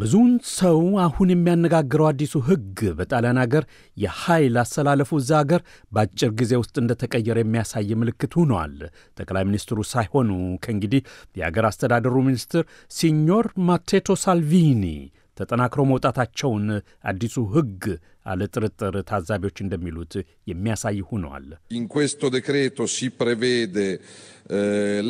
ብዙውን ሰው አሁን የሚያነጋግረው አዲሱ ሕግ በጣሊያን አገር የኃይል አሰላለፉ እዛ አገር በአጭር ጊዜ ውስጥ እንደተቀየረ የሚያሳይ ምልክት ሆኗል። ጠቅላይ ሚኒስትሩ ሳይሆኑ ከእንግዲህ የአገር አስተዳደሩ ሚኒስትር ሲኞር ማቴቶ ሳልቪኒ ተጠናክሮ መውጣታቸውን አዲሱ ሕግ አለ ጥርጥር ታዛቢዎች እንደሚሉት የሚያሳይ ሆነዋል። ኢን questo decreto si prevede eh,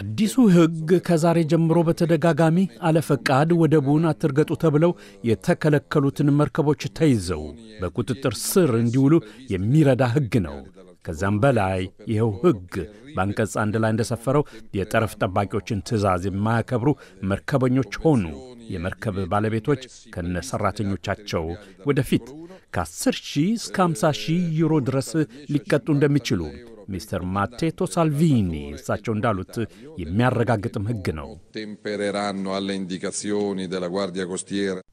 አዲሱ ሕግ ከዛሬ ጀምሮ በተደጋጋሚ አለፈቃድ ወደቡን አትርገጡ ተብለው የተከለከሉትን መርከቦች ተይዘው በቁጥጥር ስር እንዲውሉ የሚረዳ ሕግ ነው። ከዚያም በላይ ይኸው ሕግ በአንቀጽ አንድ ላይ እንደሰፈረው የጠረፍ ጠባቂዎችን ትዕዛዝ የማያከብሩ መርከበኞች ሆኑ። የመርከብ ባለቤቶች ከነ ሠራተኞቻቸው ወደፊት ከ10 ሺህ እስከ 50 ሺህ ዩሮ ድረስ ሊቀጡ እንደሚችሉ ሚስተር ማቴቶ ሳልቪኒ እሳቸው እንዳሉት የሚያረጋግጥም ሕግ ነው።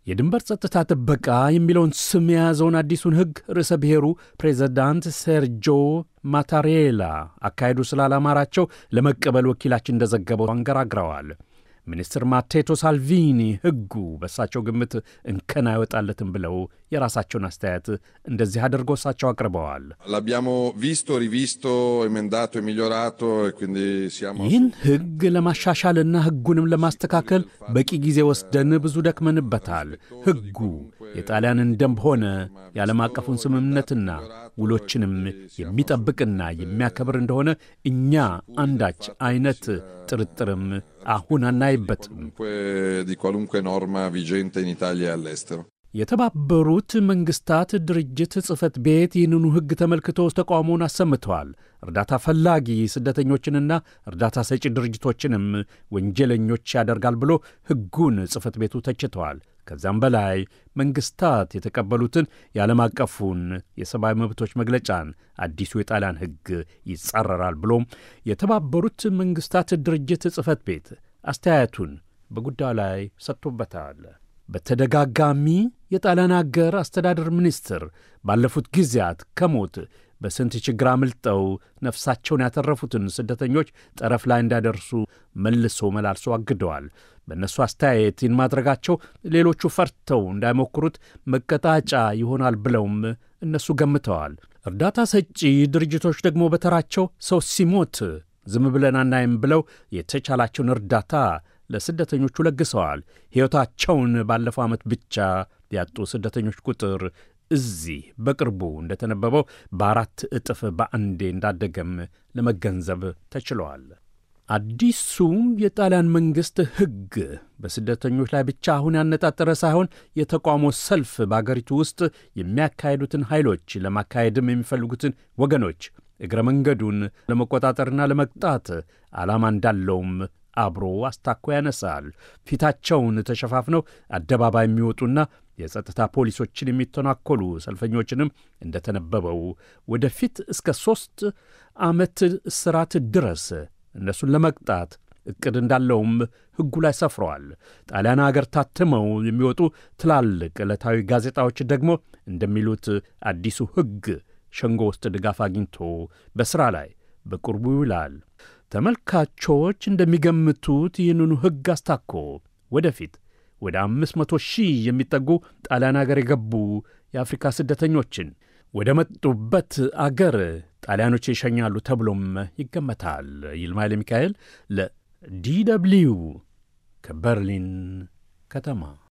የድንበር ጸጥታ ጥበቃ የሚለውን ስም የያዘውን አዲሱን ሕግ ርዕሰ ብሔሩ ፕሬዚዳንት ሴርጆ ማታሬላ አካሄዱ ስላላማራቸው ለመቀበል ወኪላችን እንደዘገበው አንገራግረዋል። ሚኒስትር ማቴቶ ሳልቪኒ ሕጉ በእሳቸው ግምት እንከን አይወጣለትም ብለው የራሳቸውን አስተያየት እንደዚህ አድርገው እሳቸው አቅርበዋል። e e ይህን ሕግ ለማሻሻልና ሕጉንም ለማስተካከል በቂ ጊዜ ወስደን ብዙ ደክመንበታል። ሕጉ የጣሊያንን ደንብ ሆነ የዓለም አቀፉን ስምምነትና ውሎችንም የሚጠብቅና የሚያከብር እንደሆነ እኛ አንዳች አይነት ጥርጥርም አሁን አናይበትም። የተባበሩት መንግሥታት ድርጅት ጽፈት ቤት ይህንኑ ሕግ ተመልክቶ ተቃውሞውን አሰምተዋል። እርዳታ ፈላጊ ስደተኞችንና እርዳታ ሰጪ ድርጅቶችንም ወንጀለኞች ያደርጋል ብሎ ሕጉን ጽፈት ቤቱ ተችተዋል። ከዛም በላይ መንግስታት የተቀበሉትን የዓለም አቀፉን የሰብአዊ መብቶች መግለጫን አዲሱ የጣሊያን ሕግ ይጻረራል ብሎም የተባበሩት መንግስታት ድርጅት ጽሕፈት ቤት አስተያየቱን በጉዳዩ ላይ ሰጥቶበታል። በተደጋጋሚ የጣሊያን አገር አስተዳደር ሚኒስትር ባለፉት ጊዜያት ከሞት በስንት ችግር አምልጠው ነፍሳቸውን ያተረፉትን ስደተኞች ጠረፍ ላይ እንዳደርሱ መልሶ መላልሶ አግደዋል። በእነሱ አስተያየት ይህን ማድረጋቸው ሌሎቹ ፈርተው እንዳይሞክሩት መቀጣጫ ይሆናል ብለውም እነሱ ገምተዋል። እርዳታ ሰጪ ድርጅቶች ደግሞ በተራቸው ሰው ሲሞት ዝም ብለን አናይም ብለው የተቻላቸውን እርዳታ ለስደተኞቹ ለግሰዋል። ሕይወታቸውን ባለፈው ዓመት ብቻ ያጡ ስደተኞች ቁጥር እዚህ በቅርቡ እንደተነበበው በአራት እጥፍ በአንዴ እንዳደገም ለመገንዘብ ተችሏል። አዲሱ የጣሊያን መንግሥት ሕግ በስደተኞች ላይ ብቻ አሁን ያነጣጠረ ሳይሆን የተቃውሞ ሰልፍ በአገሪቱ ውስጥ የሚያካሄዱትን ኃይሎች ለማካሄድም የሚፈልጉትን ወገኖች እግረ መንገዱን ለመቆጣጠርና ለመቅጣት ዓላማ እንዳለውም አብሮ አስታኮ ያነሳል። ፊታቸውን ተሸፋፍነው አደባባይ የሚወጡና የጸጥታ ፖሊሶችን የሚተናኮሉ ሰልፈኞችንም እንደተነበበው ወደፊት እስከ ሦስት ዓመት እስራት ድረስ እነሱን ለመቅጣት እቅድ እንዳለውም ሕጉ ላይ ሰፍረዋል። ጣሊያን አገር ታትመው የሚወጡ ትላልቅ ዕለታዊ ጋዜጣዎች ደግሞ እንደሚሉት አዲሱ ሕግ ሸንጎ ውስጥ ድጋፍ አግኝቶ በሥራ ላይ በቅርቡ ይውላል። ተመልካቾች እንደሚገምቱት ይህንኑ ሕግ አስታኮ ወደፊት ወደ አምስት መቶ ሺህ የሚጠጉ ጣሊያን አገር የገቡ የአፍሪካ ስደተኞችን ወደ መጡበት አገር ጣሊያኖች ይሸኛሉ ተብሎም ይገመታል። ይልማይል ሚካኤል ለዲ ደብልዩ ከበርሊን ከተማ